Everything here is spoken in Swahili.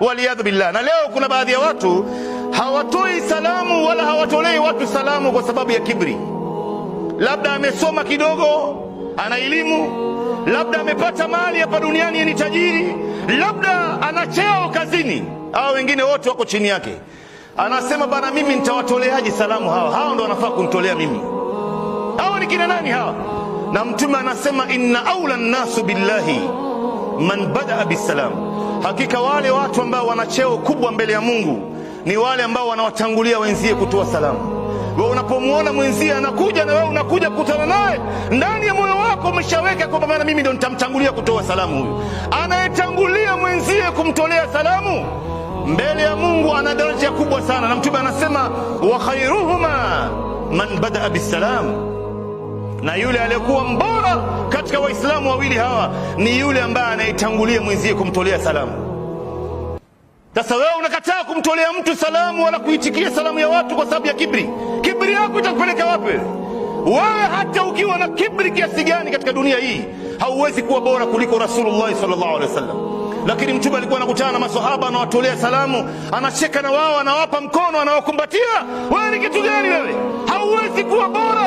waliyadhu billah. Na leo kuna baadhi ya watu hawatoi salamu wala hawatolei watu salamu kwa sababu ya kibri. Labda amesoma kidogo, ana elimu, labda amepata mali hapa duniani, ni tajiri, labda ana cheo kazini, au wengine wote wako chini yake. Anasema bana, mimi nitawatoleaje salamu hawa? Hawa ndo wanafaa kunitolea mimi. Hawa ni kina nani hawa? Na Mtume anasema inna aula nnasu billahi man badaa bisalam, hakika wale watu ambao wana cheo kubwa mbele ya Mungu ni wale ambao wanawatangulia wenzie kutoa salamu. Wewe unapomwona mwenzie anakuja na wewe unakuja kukutana naye, ndani ya moyo wako umeshaweka kwamba maana mimi ndio nitamtangulia kutoa salamu. Huyu anayetangulia mwenzie kumtolea salamu mbele ya Mungu ana daraja kubwa sana, na Mtume anasema wa khairuhuma man badaa bisalam, na yule aliyekuwa mbora katika waislamu wawili hawa ni yule ambaye anayetangulia mwenzie kumtolea salamu sasa wewe unakataa kumtolea mtu salamu wala kuitikia salamu ya watu kwa sababu ya kibri. Kibri yako itakupeleka wapi? Wewe hata ukiwa na kibri kiasi gani katika dunia hii hauwezi kuwa bora kuliko Rasulullah sallallahu alaihi wasallam. Lakini Mtume alikuwa anakutana na maswahaba, anawatolea salamu, anacheka na wao, anawapa mkono, anawakumbatia. Wewe ni kitu gani? Wewe hauwezi kuwa bora